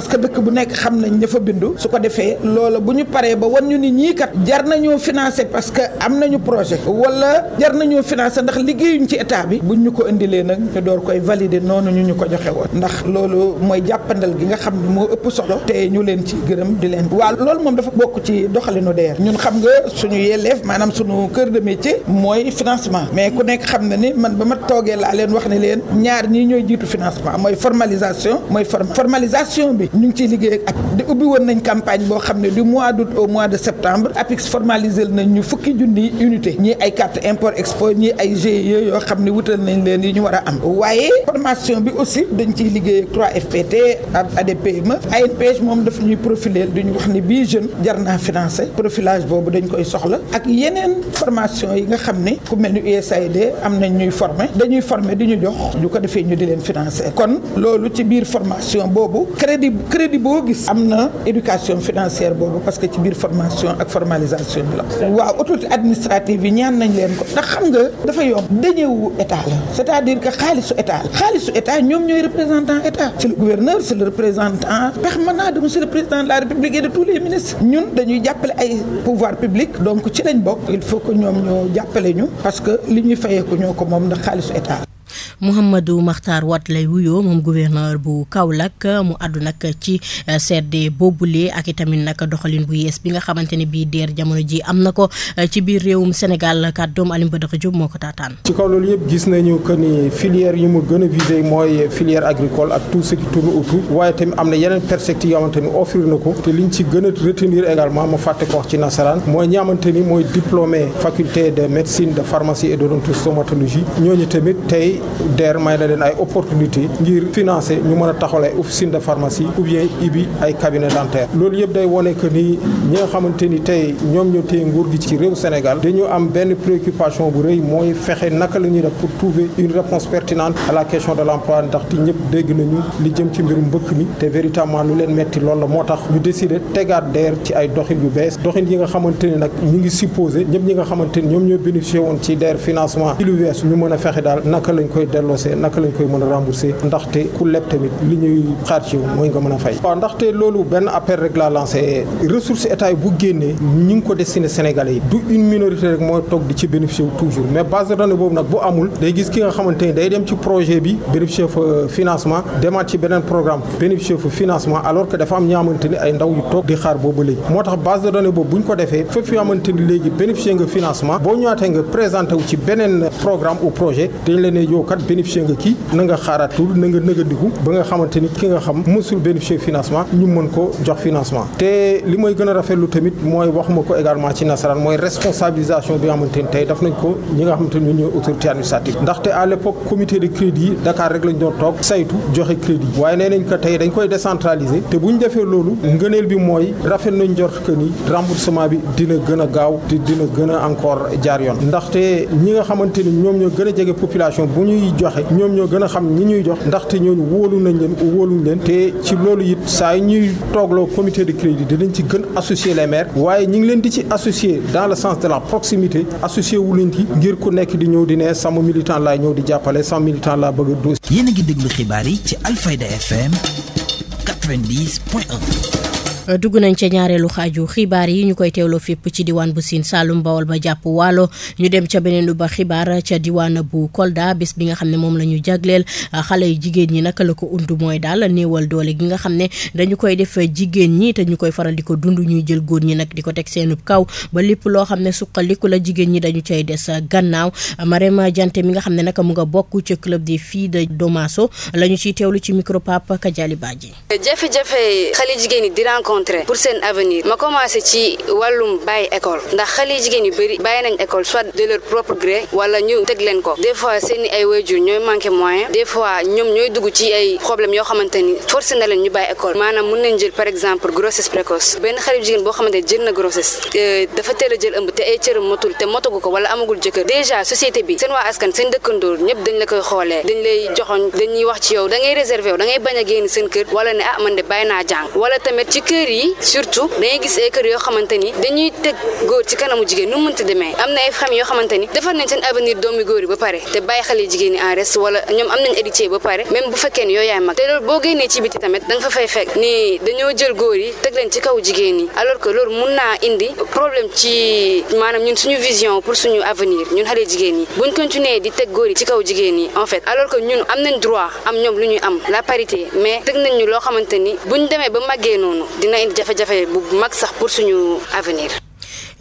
parce que dëkk bu nekk xam nañ dafa bindu su ko defee loola bu ñu paree ba wan ñu ni ñii kat jar nañoo financer parce que am nañu projet wala jar nañoo financer ndax liggéeyuñ ci état bi buñ ñu ko indilee nag ñu door koy valider noonu ñu ñu ko joxe woon ndax loolu mooy jàppandal gi nga xam ni moo ëpp solo te ñu leen ci gërëm di leen waaw loolu moom dafa bokk ci doxalinu DER ñun xam nga suñu yelleef maanaam suñu kër de métier mooy financement mais ku nekk xam na ni man ba ma toogee laa leen wax ne leen ñaar ñii ñooy jiitu financement mooy formalisation mooy formalisation bi ñu ngi ciy liggéey ak di ubbi woon nañ campagne boo xam ne du mois d'août au mois de septembre APIX formalisé nañ ñu fukki junni unité ñii ay carte import export ñii ay GIE yoo xam ne wutal nañ leen yi ñu war a am waaye formation bi aussi dañ ciy liggéey ak 3FPT ak ADPME ANPEJ moom daf ñuy profiler duñu wax ni bii jeune jar naa financé profilage boobu dañ koy soxla ak yeneen formation yi nga xam ne ku mel ni USAID am nañ ñuy former dañuy former di ñu jox ñu ko defee ñu di leen kon loolu ci biir formation boobu crédit boo gis am na éducation financière boobu parce que ci biir formation ak formalisation bi la waaw autorité administrative yi ñaan nañ leen ko ndax xam nga dafa yomb dañewu état la c'est-à-dire que xaalisu état la xaalisu état ñoom ñooy représentant état c'est le gouverneur c'est le représentant permanent de monsieur le président de la république et de tous les ministres ñun dañuy jàppale ay pouvoir public donc ci lañ bokk il faut que ñoom ñoo jàppale ñu parce que li ñuy fayeeku ñoo ko moom ndax xaalisu état Mouhamadou Makhtar Wade lay wuyoo moom gouverneur bu Kaolack mu àddu nag ci eh, sedde boobule ak itamit nag doxalin bu yees bi nga xamante ne bii deer jamono ji am na ko eh, ci biir réewum Sénégal kàddoom Alioune Badara Diop moo ko taataan. ci kaw loolu yëpp gis nañu que ni filière yi mu gën a visé mooy filière agricole ak tout ce qui tourne autour waaye tamit am na yeneen perspectives yoo xamante ni offrir na ko te ñu ci gën a également mu fàtte ko wax ci nasaraan mooy xamante ni mooy diplômé faculté de médecine de pharmacie et d'odontostomatologie tamit tey DER may na leen ay opportunité ngir financer ñu mën a taxawal ay officine de pharmacie ou ibi ay cabinet dentaire loolu yëpp day wone que nii ñi nga xamante ni tey ñoom ñoo téye nguur gi ci réew Sénégal dañu am benn préoccupation bu rëy mooy fexe naka la ñuy def pour trouver une réponse pertinente à la question de l'emploi ndax ti ñëpp dégg nañu li jëm ci mbiru mbëkk mi te véritablement lu leen metti loolu la moo tax ñu décidé tegaat DER ci ay doxin yu bees doxin yi nga xamante ni nag ñu ngi supposé ñëpp ñi nga xamante ni ñoom ñoo bénéficié woon ci DER financement ci lu ñu mën a fexe daal naka lañ koy def delloosee naka lañ koy mën a remboursé ndaxte ku loolu benn appel rek laa ressource état bu génnee ñi ngi ko destiné Sénégalais yi du une minorité rek mooy toog di ci bénéficier wu toujours mais base de données boobu nag bu amul day gis ki nga xamante ni day dem ci projet bi bénéficier euh, financement demaat ci beneen programme bénéficier financement alors que dafa am ñoo xamante ni ay ndaw yu toog di xaar boobu léegi moo tax base de données boobu bu ñu ko defee fépp yoo xamante bénéficier nga kii na nga xaaraatul na nga nëgëndiku ba nga xamante ni ki nga xam mësul bénéficier financement ñu mën ko jox financement te li mooy gën a rafetlu tamit mooy waxuma ko également ci nasaraan tey daf nañ ko ñi nga xamante ni ñooy autorité administrative ndaxte à l'époque comité de crédit yi Dakar rek lañ doon toog saytu joxe crédit waaye nee ko tey dañ koy décentraliser te bu ñu defee loolu ngëneel bi mooy rafet nañ njort que ni remboursement bi dina gën a gaaw te dina gën a encore jaar yoon ndaxte ñi nga xamante ñoom ñoo gën a jege population bu ñuy ñuy joxe ñoom ñoo gën a xam ñi ñuy jox ndaxte ñooñu wóolu nañ leen wóoluñ leen te ci loolu it saa yu ñuy toogloo comité de crédit dinañ ci gën associé les maires waaye ñi ngi leen di ci associé dans le sens de la proximité associer wu leen ci ngir ku nekk di ñëw di ne sama militant laa ñëw di jàppale sama militant laa bëgg a dossier. yéen a ngi déglu xibaar yi ci Alfayda FM Euh, dugg nañ ca ñaareelu xaaju xibaar yi ñu koy teewloo fépp ci diwaan bu Sine Saalum Bawol ba jàpp waalo ñu dem ca beneen lu ba xibaar ca diwaan bu Kolda bis bi nga xam ne moom la ñu jagleel euh, xale yu jigéen ñi naka la ko undu mooy daal néewal doole gi nga xam ne dañu koy def jigéen ñi te ñu koy faral di ko dund ñuy jël góor ñi nag di ko teg seenub kaw ba lépp loo xam ne suqaliku la jigéen ñi dañu cay des gannaaw Marème jante mi nga xam ne naka mu nga bokk ca club des filles de Domasso la ñu ciy teewlu ci micro Papa Kadiali Badji jafe-jafe xale jigéen yi di rencontrer pour seen avenir ma commencé ci wàllum bàyyi école ndax xale yu jigéen yu bëri bàyyi nañ école soit de leur propre gré wala ñu teg leen ko des fois seen i ay waajur ñooy manqué moyen des fois ñoom ñooy dugg ci ay problème yoo xamante ni forcé na leen ñu bàyyi école maanaam mun nañ jël par exemple grossesse précoce benn xale bu jigéen boo xamante ne jël na grossesse euh, dafa teel a jël ëmb te ay cëram motul te motagu ko wala amagul jëkkër déjà société bi seen waa askan seen dëkkandoor ñëpp dañ la koy xoolee dañ lay joxoñ dañuy wax ci yow da ngay réservé yow ngay bañ génn seen kër wala ne ah man de bàyyi kër dañuy teg góor ci da nga fa fay fekk ni dañoo jël góor yi kaw jigéen yi alors ñun di teg góor yi ci kaw jigéen am nañ droit am ñoom lu ñuy am la parité mais teg nañ loo xamante buñ demee ba màggee noonu dina indi jafe-jafe bu mag sax pour suñu avenir.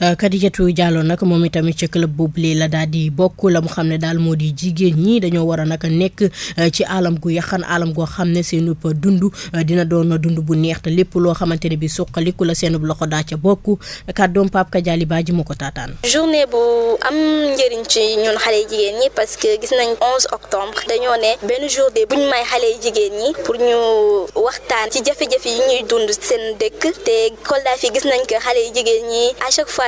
Euh, Kadijatou Diallo nag moom itamit ci club boobule la daal di bokk la mu xam ne daal moo di jigéen ñi dañoo war a nag nekk euh, ci alam gu yaxan alam goo xam ne seen dund euh, dina doon dund bu neex te lépp loo xamante ne bi suqaliku la seen loxo daa ca bokk kàddoom Pape Kadiali Badji moo ko taataan. journée bu am njëriñ ci ñun xale jigéen ñi parce que gis nañ octobre dañoo ne benn jour de buñ may xale jigéen ñi pour ñu waxtaan ci jafe-jafe yi ñuy dund seen dëkk te Kolda fi gis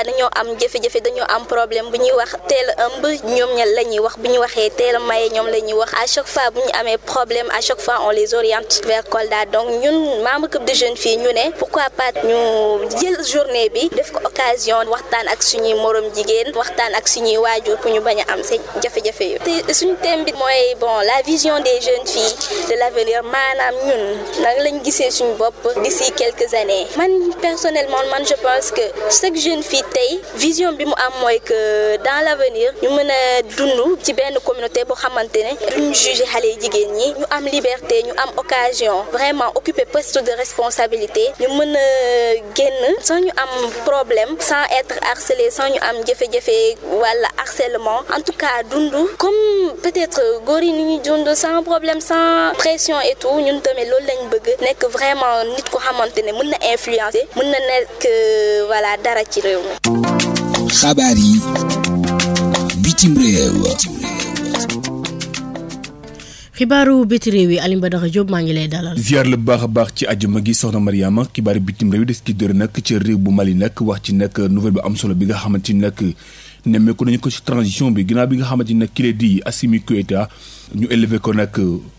fois dañoo am jafe-jafe dañoo am problème bu ñuy wax teel a ëmb ñoom ña la ñuy wax bu ñu waxee teel a maye ñoom la ñuy wax à chaque fois bu ñu amee problème à chaque fois on les oriente vers Kolda donc ñun membre club de jeune fii ñu ne pourquoi pas ñu jël journée bi def ko occasion waxtaan ak suñuy moroom jigéen waxtaan ak suñuy waajur pour ñu bañ am seen jafe-jafe yu te suñu thème bi mooy bon la vision des jeunes filles de l'avenir maanaam ñun nag lañ gisee suñu bopp d'ici quelques années man personnellement man je tey vision bi mu am mooy que dans l'avenir ñu mën a dund ci benn communauté boo xamante ne duñ juger xale yi jigéen ñi ñu am liberté ñu am occasion vraiment occuper poste de responsabilité ñu mën a génn sans ñu am problème sans être harcelé san ñu am jafe-jafe wala harcèlement en tout cas dund comme peut-être góor yi ni ñu dund sans problème sans pression et tout ñun tamit loolu lañ bëgg nekk vraiment nit ko xamante ne mën na influencer mun na nekk euh, voilà dara ci réew mi xabaar yi bitim réew xibaaru biti réew yi Alioune Badara maa ngi lay dalal ziar la bu baax a baax ci àjjuma gi soxna Mariama xibaaru bitim réew yi des ki dër nag ci réew bu Mali nag wax ci nag nouvelle bi am solo bi nga xamante ni nag nemmeeku nañu ko ci transition bi ginnaaw bi nga xamante ni nag ki lee di Assimi Goïta ñu élevé ko nag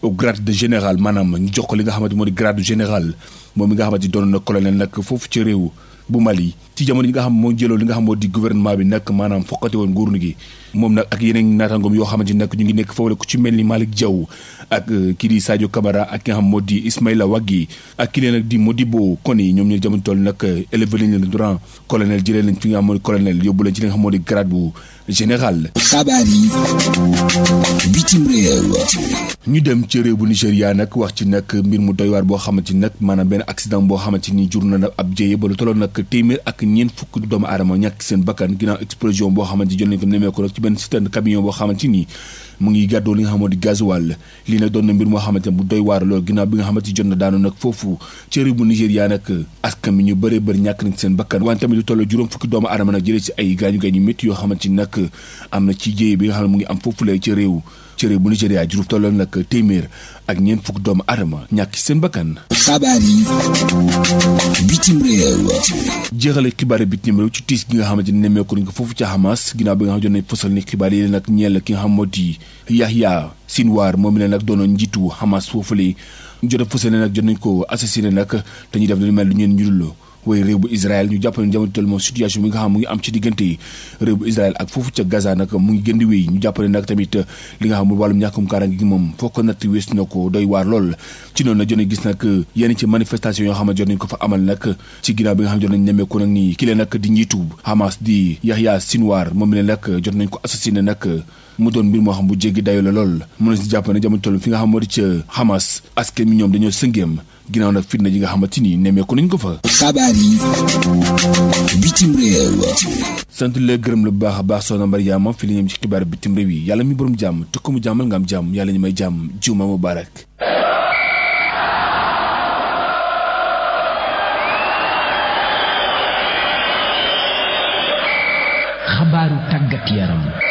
au grade de général maanaam ñu jox ko li nga xamante moo di grade général moom mi nga xamante ni doon na colonel nag foofu ci réew bu Mali ci jamono yi nga xam moo jëloo li nga xam moo di gouvernement bi nekk maanaam fokkati woon nguur gi moom nag ak yeneen nataangoom yoo xamante nag ñu ngi nekk foofu la ku ci mel ni Malick Diaw ak euh, kii di Sadio Camara ak ki nga xam moo di Ismaïla Waggi ak ki leen ak di Modibo Koné ñoom ñu jamono toll nag euh, élevé nañ leen durant colonel jëlee leen fi nga xam moo di colonel yóbbu leen nga xam moo di grade bu général. xabaar yi bitim réew. ñu dem ci réew bu Nigéria nag wax ci nag mbir mu doy waar boo xamante ni nag maanaam benn accident boo xamante ni jur na ab jéye ba lu tolloon nag téeméer ak ñeent fukk doomu aadama ñàkk seen bakkan ginnaaw explosion boo xamante ni jot nañ ko nemmeeku rek benn citerne camion boo xamante ni mu ngi gàddoo li nga xamante gasoil lii nag doon na mbir moo xamante ne bu doy waar lool ginnaaw bi nga xamante jot na daanu nag foofu ci réew bu Nigéria nag askan mi ñu bëree bëri ñàkk nañ seen bakkan wante tamit lu toll juróom fukki doomu aadama nag jëlee ci ay gaañu gaañu métti yoo xamante ni nag am na ci jéye bi nga xam mu ngi am foofu lay ci réew cëre bu Nigéria juróom tolloon nag téeméer ak ñeent fukk doomu aadama ñàkk seen bakkan. xabaar yi bitim réew. jeexale xibaar bitim réew ci tiis gi nga xamante ne nemmeeku nañ ko foofu ca Hamas ginnaaw bi nga xam jot nañ fësal ni xibaar yi nag ñeel ki nga xam moo di Yahya Sinwar moom la nag doonoon njiitu Hamas foofule jot a fësal ne nag jot nañ ko assassiné nag te ñuy def lu mel lu ñeen ñu dul waaye réew bu Israël ñu jàpp ne jamono tel moom bi nga xam mu ngi am ci diggante yi réew bu Israël ak foofu ca Gaza nag mu ngi gën di wéy ñu jàpp ne nag tamit li nga xam mu wàllum ñàkkum kaaraange gi moom foo ko natt wees na ko doy waar lool ci noonu la jot nañ gis nag yenn ci manifestation yoo xam ne jot nañ ko fa amal nag ci ginnaaw bi nga xam jot nañ nemmeeku nag nii ki leen nag di njiitu Hamas di Yahya Sinwar moom mi ne jot nañ ko assassiné nag mu doon mbir moo xam bu jéggi dayo la lool mën na si jàpp ne jamono nga xam moo di ca Hamas askan mi ñoom dañoo sëngeem ginnaaw nag fitna ji nga xamante ni nemmeeku nañ ko fa. xabaar gërëm la bu baax a baax soxna Mariama fi la ñam ci xibaar bitim réew yi yàlla mi borom jàmm te ko mu jàmmal nga am jàmm yàlla ñu may jàmm juma mubarak xabaaru tàggat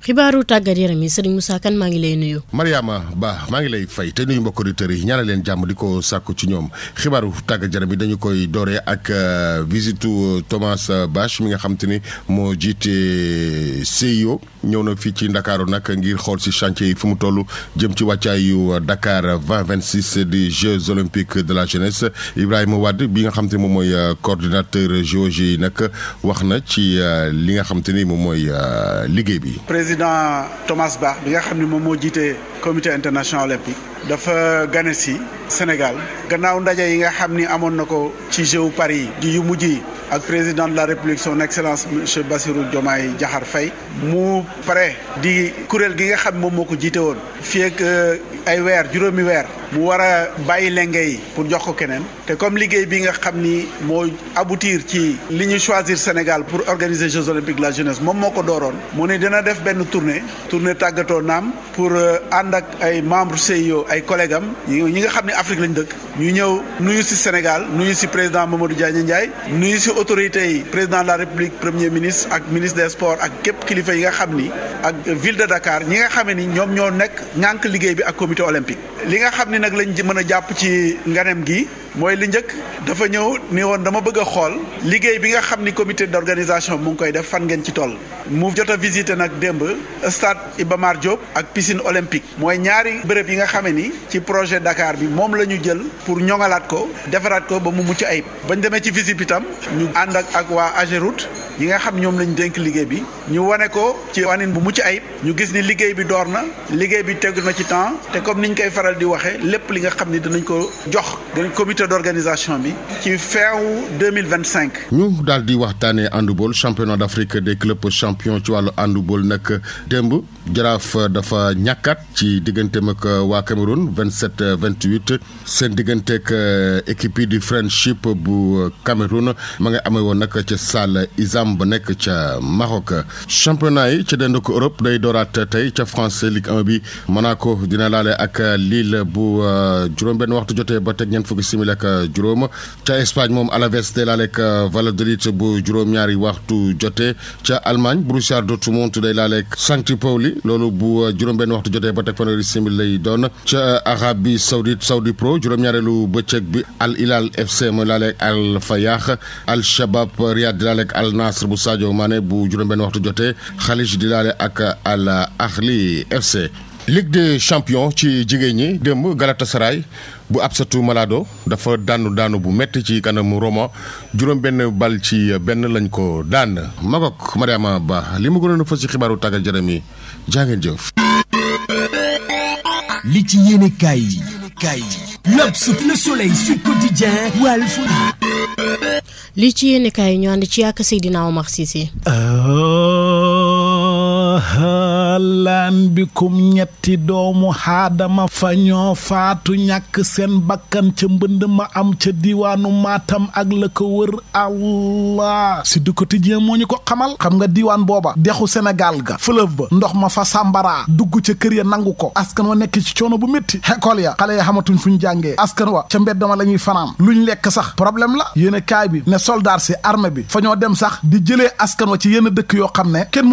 xibaaru tàggat yaram yi sëriñ Moussa Kane maa ngi lay nuyu. Mariama Ba maa ngi lay fay te nuyu mbokk auditeurs yi ñaanal leen jàmm di ko sàkku ci ñoom xibaaru tàggat yaram yi dañu koy dooree ak euh, visite euh, Thomas euh, Bach mi nga xam ni moo jiite CIO ñëw na fii ci Ndakaaru nag ngir xool si chantier yi fi mu toll jëm ci wàccaayu Dakar 2026 des Jeux olympiques de la jeunesse Ibrahima Wade bi nga xam te ni moom mooy coordinateur yi nag wax na ci li nga xam te ni moom mooy liggéey bi. président Thomas Bach bi nga xam ne moom moo jiite comité international olympique dafa gane si Sénégal gannaaw ndaje yi nga xam ni amoon na ko ci Jeux Paris di yu mujj ak président de la république son excellence monsieur Bassirou Diomaye Diakhar Faye mu pare di kuréel gi nga xam moom moo ko jiite woon fii ak euh, ay weer juróomi weer mu war a bàyyi lenge yi pour jox ko keneen te comme liggéey bi nga xam ni moo aboutir ci li ñu choisir Sénégal pour organiser Jeux olympiques la jeunesse moom moo ko dooroon moo ne dina def benn tournée tournée tàggatoo naam pour euh, ànd ak ay membres CIO ay collègues am ñi nga xam ne Afrique lañ dëkk ñu ñëw nuyu si Sénégal nuyu si président Mamadou Diagne Ndiaye nuyu si autorités yi président de la République premier ministre ak ministre des sports ak képp kilifa yi nga xam ni ak ville de Dakar ñi nga xamee ni ñoom ñoo nekk ñànk liggéey bi ak comité li nga xam ni nag lañ mën a jàpp ci nganem gi mooy li njëkk dafa ñëw ni woon dama bëgg a xool liggéey bi nga xam ni comité d'organisation mu ngi koy def fan ngeen ci toll mu jot a visité nag démb stade Iba Mar ak piscine olympique mooy ñaari bërëb yi nga xamee ni ci projet Dakar bi moom la ñu jël pour ñoŋalaat ko defaraat ko ba mu mucc ayib bañ demee ci visite itam ñu ànd ak waa Ageroute yi nga xam ñoom lañ dénk liggéey bi ñu wane ko ci wanin bu mucc ayib ñu gis ni liggéey bi door na liggéey bi tegu na ci temps te comme niñ koy faral di waxee lépp li nga xam ni dinañ ko jox comité d'organisation bi ci feewu 2025. ñu daal di waxtaanee handball championnat d'Afrique des clubs champions ci wàllu handball nag démb. jaraaf dafa ñàkkaat ci digganteem ak euh, waa Cameroun 27 28 seen digganteeg euh, équipe yi di friendship bu euh, Cameroun ma nga amee woon nag ca salle Isam ba nekk ca Maroc. championnat yi ca dend ko Europe day dooraat tey ca France Ligue 1 bi Monaco dina laale ak Lille bu juróom-benn waxtu jotee ba teg ñeent fukki simili ak juróom ca Espagne moom Alaves day laale ak Valladolid bu juróom-ñaari waxtu jotee ca Allemagne Borussia Dortmund day laale ak Saint-Pauli. loolu bu euh, juróom-benn waxtu jotee ba teg fanweeri simil lay doon ca euh, Arabie Saoudite Saudi Pro juróom-ñaareelu bëccëg bi Al Hilal FC mooy laaleeg Al Fayyah Al Shabab Riyad di laaleeg Al Nasr bu Sadio maane bu juróom-benn waxtu jotee Khalij di laale ak Al Ahli FC. Ligue des champions ci jigéen ñi démb Galatasaray bu Absatou Malado dafa daanu daanu bu metti ci kanam Roma juróom-benn bal ci benn lañ ko daan Magog Mariama Ba li mu gënoon a fës ci xibaaru tàggat yaram jaa li ci yéene kaay yi kaay yi. L'Obs, Le Soleil, Sud Quotidien, Walf. li ci yéene kaay yi ñu ànd ci ak Seydina Omar Cissé. Ah. halaan bikum ñetti doomu aadama fa ñoo faatu ñàkk seen bakkan ca mbënd ma am ca diwaanu Matam ak la ko wër allah si du quotidien moo ñu ko xamal xam nga diwaan booba dexu Sénégal ga fleuve ba ndox ma fa sàmbaraa dugg ca kër ya nangu ko askan wa nekk ci coono bu métti école ya xale ya xamatuñ fu ñu jàngee askan wa ca mbedd ma la ñuy fanaan luñ lekk sax problème la yéen kaay bi ne soldat si armée bi fa ñoo dem sax di jëlee askan wa ci yenn dëkk yoo xam ne kenn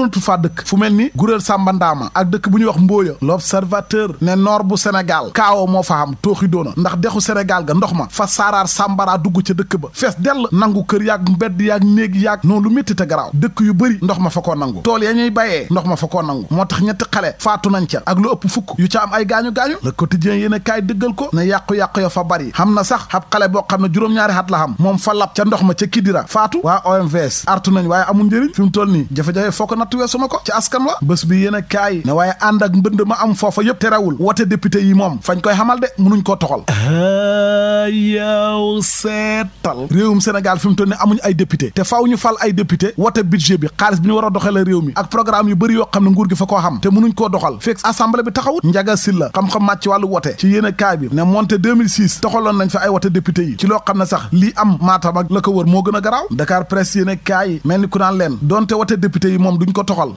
mi Gurel Samba Ndaama ak dëkk bu ñuy wax Mbooya l'observateur ne nord bu Sénégal kaawo moo fa am tooxi doona ndax dexu Sénégal ga ndox ma fa saaraar sàmbaraa dugg ca dëkk ba fees dell nangu kër yaag mbedd yaag néeg yaag noonu lu métti te garaaw dëkk yu bëri ndox ma fa koo nangu tool ya ñuy bayee ndox ma fa koo nangu moo tax ñetti xale faatu nañ ca ak lu ëpp fukk yu ca am ay gaañu-gaañu le quotidien yéen a kaay dëggal ko ne yàqu-yàqu ya fa bari xam na sax ab xale boo xam ne juróom-ñaari at moom fa lab ca ndox ma ca Kidira faatu waa OMVS artu nañ waaye amul njëriñ fi mu toll nii askan wa bés bi yéen a kaay ne waaye ànd ak mbënd ma am foofa yëpp terewul wote député yi moom fañ koy xamal de mënuñ koo toxal ah, yow seetal réewum Sénégal fi mu toll ne amuñ ay député te faaw ñu fal ay député wote budget bi xaalis bi ñu war a doxalee réew mi ak programme yu bëri yoo xam ne nguur gi fa koo xam te mënuñ koo doxal fekk assemblée bi taxawut njaga silla xam-xam màcc ci wote ci yéen a kaay bi ne monte 2006 toxaloon nañ fa ay wote député yi ci loo xam ne sax lii am maatam ak la ko wër moo a garaaw Dakar presse yéen a yi moom duñ ko toxal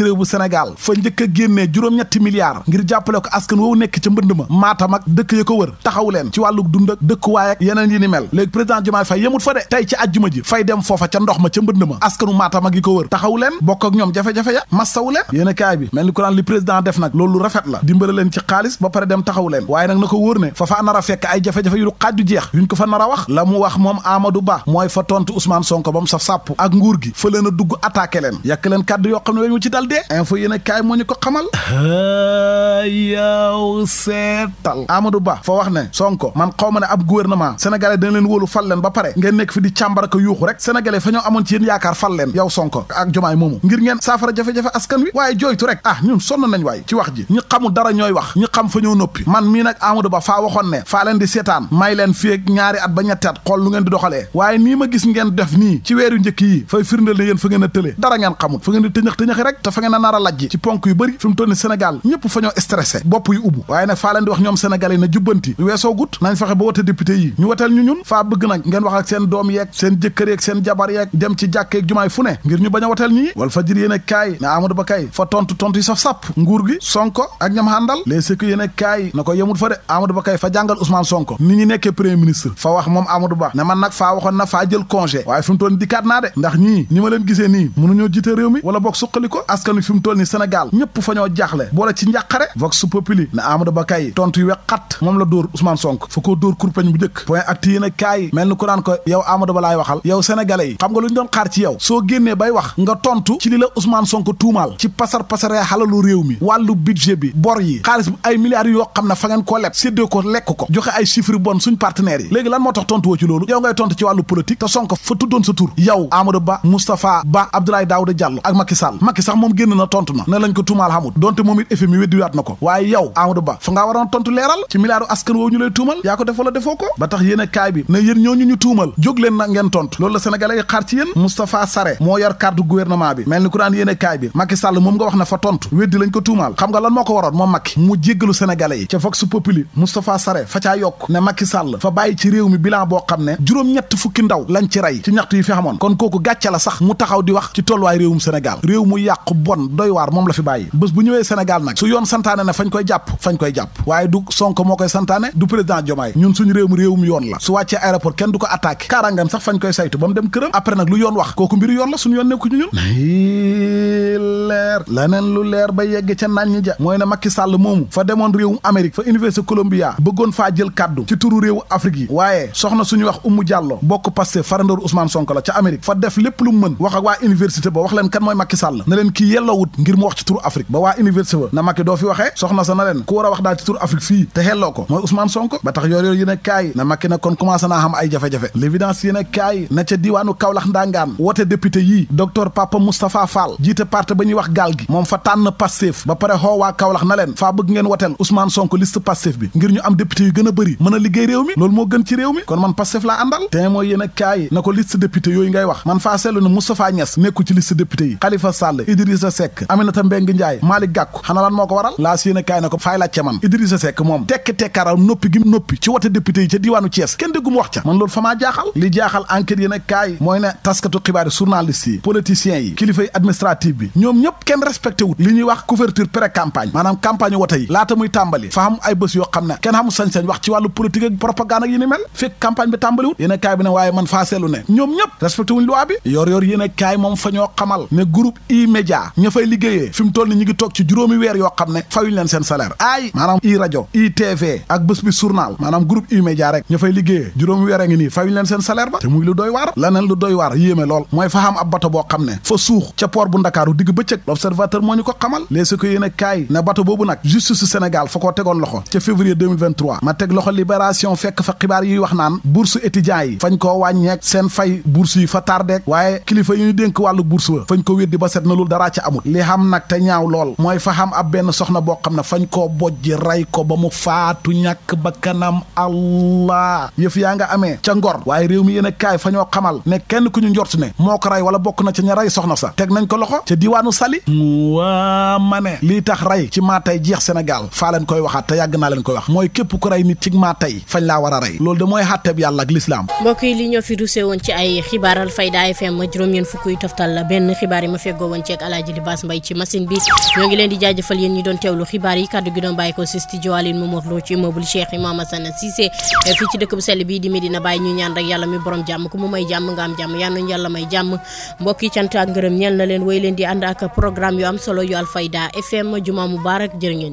njiit réew bu Sénégal fa njëkk a génnee juróom-ñetti milliards ngir jàppale ko askan woowu nekk ca mbënd ma maatam mag dëkk ya ko wër taxaw leen ci wàllu dund ak dëkkuwaay ak yeneen yi ni mel léegi président Diomaye Faye yemut fa de tey ci àjjuma ji fay dem foofa ca ndox ma ca mbënd ma askanu maata ak yi ko wër taxaw leen bokk ak ñoom jafe-jafe ya massawu leen yéen kaay bi mel ni ko naan li président def nag loolu rafet la dimbale leen ci xaalis ba pare dem taxaw leen na ko wóor ne fa fa nar a fekk ay jafe-jafe jeex yuñ ko fa nar a wax la mu wax moom Amadou Ba mooy fa tontu Ousmane Sonko ba mu saf sàpp ak nguur gi fa leen a dugg attaqué leen dul dee info yéen a kaay moo ñu ko xamal yaw seetal Amadou Ba fa wax ne Sonko man xaw ma ne ab gouvernement sénégalais dañ leen wóolu fal leen ba pare ngeen nekk fi di càmbar ko yuuxu rek sénégalais fa ñoo amoon ci yen yaakaar fal leen yow Sonko ak jomaay moomu ngir ngeen saafara jafe-jafe askan wi waaye jooytu rek ah ñun sonn nañ waay ci wax ji ñu xamul dara ñooy wax ñu xam fa ñoo noppi man mii nag Amadou Ba faa waxoon ne faa leen di seetaan may leen fii ak ñaari at ba ñetti at ngeen di doxalee waaye nii ma gis ngeen def nii ci weeru njëkk yi fay firndeel ne yéen fa ngeen a tëlee dara ngeen xamul fa fa ngeen a nar a lajji ci ponk yu bëri fi mu toll ni fa ñoo stressé bopp yu ubbu waaye nag faa leen di wax ñoom Sénégal yi na jubbanti weesoo nañ fexe ba wote député yi ñu woteel ñu ñun faa bëgg nag ngeen wax seen doom yeeg seen jëkkër yeeg seen jabar yeeg dem ci jàkk yeeg jumaay fu ne ngir ñu bañ a woteel ñii wal fa fa tontu tontu na ko yemul fa de Amadou Ba kay fa jàngal Ousmane Sonko ni ñu nekkee premier ministre fa wax moom Amadou askan wi fi mu toll ni Sénégal ñëpp fa ñoo jaaxle boole ci njàqare vox populi ne Amadou Ba kay tontu yu wexat moom la dóor Ousmane Sonko fa dóor kurpeñ bu njëkk point ak yéen a mel ni ku naan ko yow Amadou Ba laay waxal yow sénégalais yi xam nga lu ñu doon xaar ci yow soo génnee bay wax nga tontu ci li la Ousmane Sonko tuumaal ci pasar pasaree xalalu réew mi wàllu budget bi bor yi xaalis ay milliards yoo xam ne fa ngeen leb séddee ko lekk ko joxe ay chiffres bon suñ partenaires yi léegi lan moo tax tontu woo ci loolu yow ngay tontu ci wàllu politique te Sonko sa tur yow Ba Moustapha Ba Abdoulaye Daouda Diallo génn na tontu na ne lañ ko tuumaal xamut donte moom it FMI weddiwaat na ko waaye yow Amadou Ba fa ngaa waroon tontu leeral ci milliardu askan woowu ñu lay tuumal yaa ko def wala defoo ko ba tax yéen a kaay bi ne yéen ñooñu ñu tuumal jóg leen na ngeen tontu loolu la sénégalais yi xaar ci yéen Moustapha Sarré moo yor carte gouvernement bi mel ni ku daan yéen a kaay bi Macky Sall moom nga wax ne fa tontu weddi lañ ko tuumaal xam nga lan moo ko waroon moom Macky mu jéggalu sénégalais yi ca Vox Populi Moustapha Sarré fa caa yokk ne Macky Sall fa bàyyi ci boo xam ne juróom-ñett fukki ndaw lañ ci rey ci ñaxtu yi fi xamoon kon kooku gàcce la sax mu taxaw di wax ci tolluwaay réewum Sénégal réew mu yàqu bon doy waar moom la fi bàyyi bés bu ñëwee Sénégal nag su yoon santaane ne fañ koy jàpp fañ koy jàpp waaye du Sonko moo koy santaane du président Diomaye ñun suñu réew mi réewum yoon la su wàccee aéroport kenn du ko attaqué kaarangam sax fañ koy saytu ba mu dem këram après nag lu yoon wax kooku mbiru yoon la suñu yoon nekkuñu ñun leer laneen lu leer ba yegg ca naan ñi ja mooy ne Macky Sall moomu fa demoon réewum Amérique fa Université Columbia bëggoon faa jël kàddu ci turu réewu Afrique yi waaye soxna suñu wax Oumou Diallo bokk Pastef farandoor Ousmane Sonko la ca Amérique fa def lépp lu mu mën wax ak waa université ba wax leen kan mooy Macky Sall na leen kii yelloowut ngir mu wax ci turu Afrique ba waa université ba na Macky doo fi waxee soxna sa na leen ku war a wax daal ci turu Afrique fii te xelloo ko mooy Ousmane Sonko ba tax yoor yoor yéen a na Macky na kon commencé naa xam ay jafe-jafe l'évidence yéen a na ca diiwaanu Kaolack ndangaan woote député yii docteur Papa Moustapha Fall jiite parti ba ñuy wax gaal gi moom fa tànn Pastef ba pare xoo waa Kaolack na leen faa bëgg ngeen woteel Ousmane Sonko liste Pastef Idrissa Seck Aminata Mbengue Ndiaye moo ko waral laas yéen a na ko faay laajte man Idrissa Seck moom tekk tekkaaral noppi gi noppi ci wote député yi ca diiwaanu Thiès kenn déggu wax ca man loolu fa jaaxal li jaaxal enquête yéen mooy ne taskatu xibaari journalistes yi politiciens yi kilifa yi administratif bi ñoom ñëpp kenn respecté li ñuy wax couverture pré campagne maanaam campagne wote yi laata muy tàmbali fa xam ay bés yoo xam ne kenn Touba ña fay liggéeyee fi mu toll ni ñu ngi toog ci juróomi weer yoo xam ne fayuñ leen seen salaire aay maanaam i rajo i tv ak bés bi journal maanaam groupe i média rek ña fay liggéeyee juróomi weer a ngi nii fayuñ leen seen salaire ba te muy lu doy waar laneen lu doy waar yéeme lool mooy fa xam ab bato boo xam ne fa suux ca port bu Ndakaaru digg bëccëg l'observateur moo ñu ko xamal léegi ko yéen a kaay ne bato boobu nag justice Sénégal fa koo tegoon loxo ca février 2023 ma teg loxo libération fekk fa xibaar yuy wax naan bourse étudiants yi fañ koo wàññeek seen fay bourse yi fa tardeek waaye kilifa yi ñu dénk wàllu bourse fañ ko weddi ba set na loolu daraa wàcc amut li xam nag te ñaaw lool mooy fa xam ab benn soxna boo xam ne fañ koo bojj rey ko ba mu faatu ñàkk ba kanam allah yëf yaa nga amee ca ngor waaye réew mi yéen a kaay fa ñoo xamal ne kenn ku ñu njort ne moo ko rey wala bokk na ca ña rey soxna sax teg nañ ko loxo ca diwaanu sali waa ma ne lii tax rey ci maa tey jeex Sénégal faa leen koy waxaat te yàgg naa leen koy wax mooy képp ku rey nit ci maa tey fañ laa war a rey loolu de mooy xàtteeb yàlla ak lislaam mbokk yi li ñoo fi rusee woon ci yi ji di Bass Mbaye ci machine bi ñoo ngi leen di jaajëfal yéen ñi doon teewlu xibaar yi kaddu gi doon bàyyi ko si studio Aline Momar Lo ci immeuble Cheikh Imam Assane Cissé eh, fii ci dëkk bu sell bii di Medina Baye ñu ñaan rek yàlla mi borom jàmm ku mu may jàmm nga am jàmm yàlla may jàmm mbokk cant ak ngërëm ñeel na leen woy leen di ànd ak programme yu am solo yu Alfayda FM juma mubarak jërë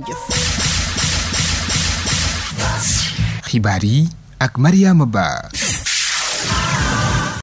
ngeen